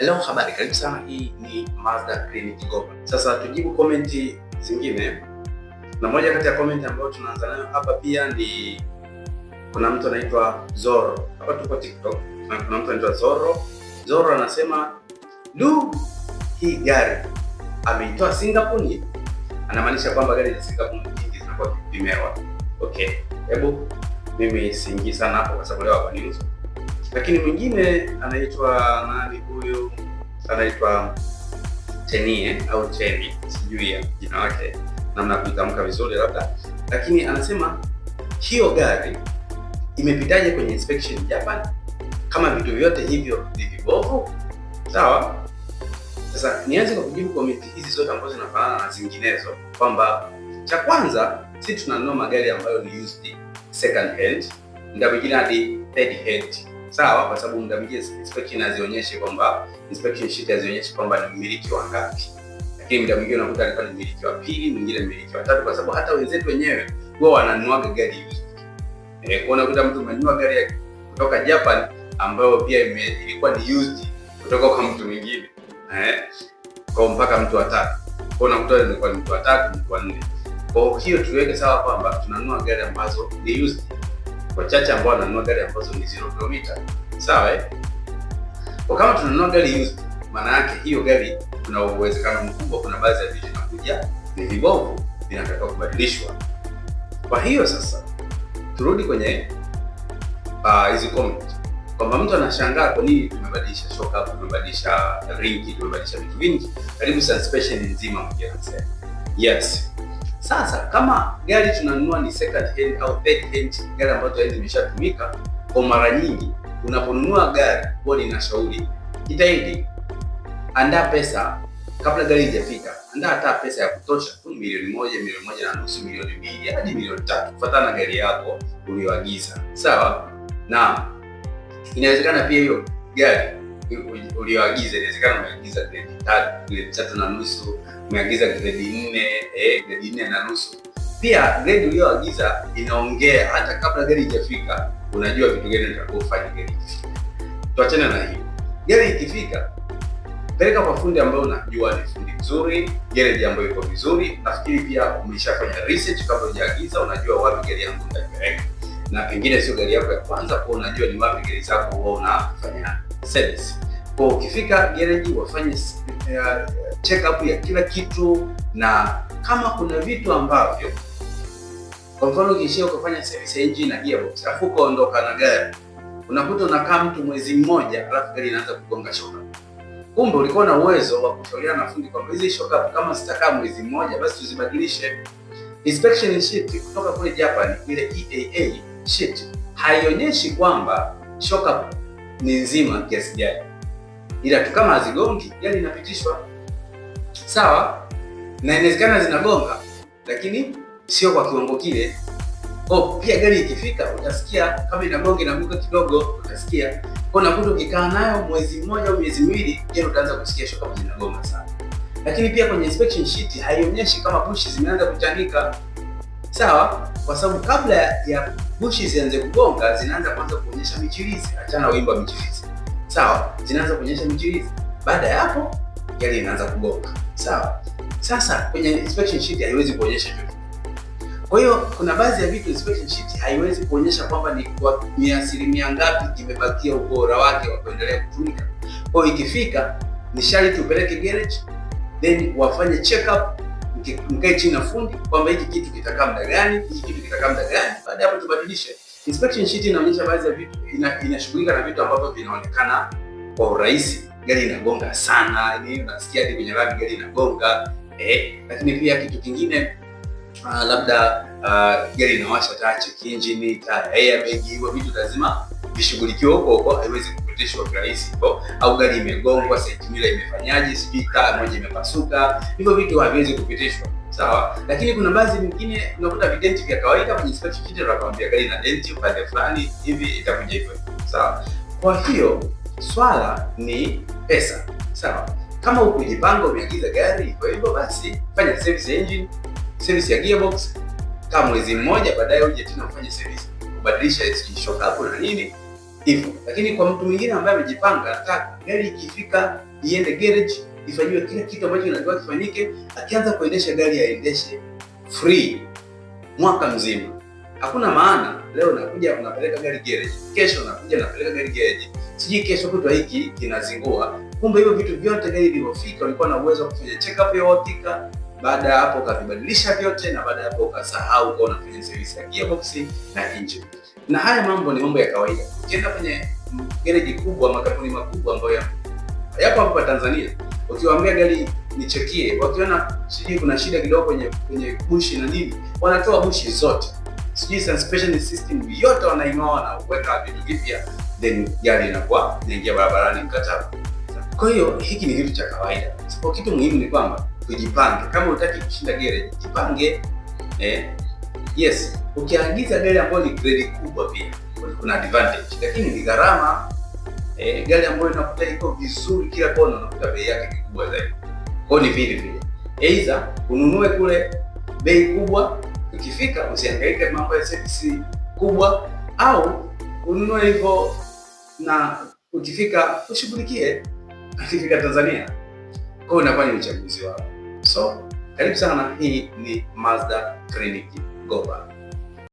Leo habari, karibu sana. Hii ni Mazda Clinic Global. Sasa tujibu komenti zingine, na moja kati ya komenti ambayo tunaanza nayo hapa pia ni kuna mtu anaitwa Zoro, hapa tuko TikTok, na kuna mtu anaitwa Zoro. Zoro anasema du, hii gari ameitoa Singapore. Anamaanisha kwamba gari za Singapore nyingi zinakuwa zimewa. Okay, hebu mimi siingii sana hapo kwa sababu leo hapa ni lakini mwingine anaitwa nani huyu, anaitwa Tenie au Teni, sijui ya jina lake namna ya kuitamka vizuri labda, lakini anasema hiyo gari imepitaje kwenye inspection Japan kama vitu vyote hivyo ni vibovu? Sawa. Sasa nianze kwa kujibu komiti hizi zote ambazo zinafanana na zinginezo, kwamba cha kwanza sisi tunanunua magari ambayo ni used second hand, ndio hadi third hand sawa, kwa sababu muda mwingine inspection hazionyeshe kwamba inspection sheet hazionyeshi kwamba ni mmiliki wa ngapi, lakini muda mwingine unakuta alikuwa ni mmiliki wa pili, mwingine mmiliki wa tatu, kwa sababu hata wenzetu wenyewe huwa wananunua gari hii eh, kwa unakuta mtu ananunua gari kutoka Japan ambayo pia ilikuwa ni used kutoka kwa mtu mwingine eh, kwa mpaka mtu wa tatu, kwa unakuta ni kwa mtu wa tatu, mtu wa nne. Kwa hiyo tuweke sawa kwamba tunanunua gari ambazo ni used wachache ambao wananunua gari ambazo ni zero kilomita, sawa eh? Kwa kama tunanunua gari used, maana yake hiyo gari kuna uwezekano mkubwa, kuna baadhi ya vitu vinakuja ni vibovu, vinatakiwa kubadilishwa. Kwa hiyo sasa turudi kwenye ah, hizi uh, comment kwamba mtu anashangaa kwa nini tumebadilisha shoka, tumebadilisha ringi, tumebadilisha vitu vingi, karibu suspension nzima mmoja anasema yes sasa kama gari tunanunua ni second hand au third hand, gari ambayo tayari imeshatumika, kwa mara nyingi unaponunua gari huwa ninashauri jitahidi, andaa pesa kabla gari haijafika, andaa hata pesa ya kutosha tu, milioni moja, milioni moja na nusu, milioni mbili hadi milioni tatu, kufuatana na gari yako uliyoagiza, sawa. Na inawezekana pia hiyo gari ulioagiza inawezekana umeagiza gredi tatu, gredi tatu na nusu, umeagiza gredi nne, eh, gredi nne na nusu. Pia gredi ulioagiza inaongea hata kabla gari ijafika, unajua vitu gani utakavyofanya gari ikifika. Tuachane na hiyo, gari ikifika peleka kwa fundi ambayo unajua ni fundi mzuri, gereji ambayo iko vizuri. Nafikiri pia umeshafanya research kabla hujaagiza, unajua wapi gari yangu itapeleka, na pengine sio gari yako ya kwanza, kwa unajua ni wapi gari zako huwa unafanya service. Kwa ukifika gereji wafanye uh, check up ya kila kitu, na kama kuna vitu ambavyo kwa mfano ukishia ukafanya service ya engine na gearbox alafu ukaondoka na gari unakuta unakaa mtu mwezi mmoja, alafu gari inaanza kugonga shoka. Kumbe ulikuwa na uwezo wa kutolea na fundi kwamba hizi shoka kama zitakaa mwezi mmoja, basi tuzibadilishe. Inspection sheet kutoka kule Japan, ile EAA sheet haionyeshi kwamba shoka ni nzima kiasi gani, ila tu kama hazigongi, yani inapitishwa sawa, na inawezekana zinagonga, lakini sio kwa kiwango kile. Oh, pia gari ikifika utasikia kama inagonga inagonga kidogo, utasikia kwa nakuta. Ukikaa nayo mwezi mmoja au miezi miwili, je, utaanza kusikia shoka zinagonga sana. Lakini pia kwenye inspection sheet haionyeshi kama bushi zimeanza kuchanika sawa, kwa sababu kabla ya bushi zianze kugonga zinaanza kwanza kuonyesha michirizi, achana wimbo wa michirizi, sawa, zinaanza kuonyesha michirizi. Baada ya hapo yale inaanza kugonga, sawa. Sasa kwenye inspection sheet haiwezi kuonyesha hivyo. Kwa hiyo kuna baadhi ya vitu inspection sheet haiwezi kuonyesha kwamba ni kwa asilimia ngapi imebakia ubora wake wa kuendelea kutumika. Kwa hiyo ikifika ni sharti upeleke garage then wafanye check up mkae chini na fundi kwamba hiki kitu kitakaa muda gani, hiki kitu kitakaa muda gani. Baada ya hapo tubadilishe. Inspection sheet inaonyesha baadhi ya vitu, inashughulika na vitu ambavyo vinaonekana kwa urahisi, gari inagonga sana, ni unasikia hadi kwenye lami gari inagonga eh, lakini pia kitu kingine uh, labda uh, gari inawasha taa, check engine, taa ya airbag, hiyo vitu lazima vishughulikiwe huko huko, haiwezi kwa mpitishwa Kwa au gari imegongwa, sentimila imefanyaje, sijui taa moja imepasuka, hivyo vitu haviwezi kupitishwa sawa. Lakini kuna baadhi nyingine unakuta videnti vya kawaida kwenye inspection sheet tunakwambia gari na denti upande fulani hivi, itakuja hivyo sawa. Kwa hiyo swala ni pesa sawa. Kama ukujipanga umeagiza gari kwa hivyo basi, fanya service engine, service ya gearbox kama mwezi mmoja baadaye uje tena ufanye service, ubadilisha shock hapo na nini hivyo. Lakini kwa mtu mwingine ambaye amejipanga, gari ikifika iende garage, ifanyiwe kila kitu ambacho kinatakiwa kifanyike, akianza kuendesha gari aendeshe free mwaka mzima. Hakuna maana leo nakuja unapeleka gari garage, kesho nakuja napeleka gari garage, sijui kesho kutwa hiki kinazingua. Kumbe hivyo vitu vyote gari ilivyofika walikuwa na uwezo wa kufanya check up ya uhakika. Baada ya hapo ukavibadilisha vyote, na baada ya hapo ukasahau kuwa unafanya service ya gearbox na engine na haya mambo ni mambo ya kawaida. Ukienda kwenye gereji kubwa, makampuni makubwa ambayo yapo hapa Tanzania, ukiwaambia gari nichekie, wakiona sijui kuna shida kidogo kwenye kwenye bushi na nini, wanatoa bushi zote, sijui suspension system yote wanaing'oa na kuweka vitu vipya, then gari inakuwa inaingia barabarani mkataba. Kwa hiyo hiki ni kitu cha kawaida. Kitu muhimu ni kwamba tujipange, kama utaki kushinda gereji jipange, eh Yes, ukiagiza gari ambayo ni grade kubwa pia kuna advantage, lakini ni gharama gali eh, Gari ambayo unakuta iko vizuri kila kona, unakuta bei yake ni kubwa zaidi. Kwa ni vile vile, aidha ununue kule bei kubwa, ukifika usihangaike mambo ya service kubwa, au ununue hivyo na ukifika ushughulikie ukifika Tanzania. Kwa hiyo unafanya uchaguzi wako. So karibu sana, hii ni Mazda Clinic. こんばん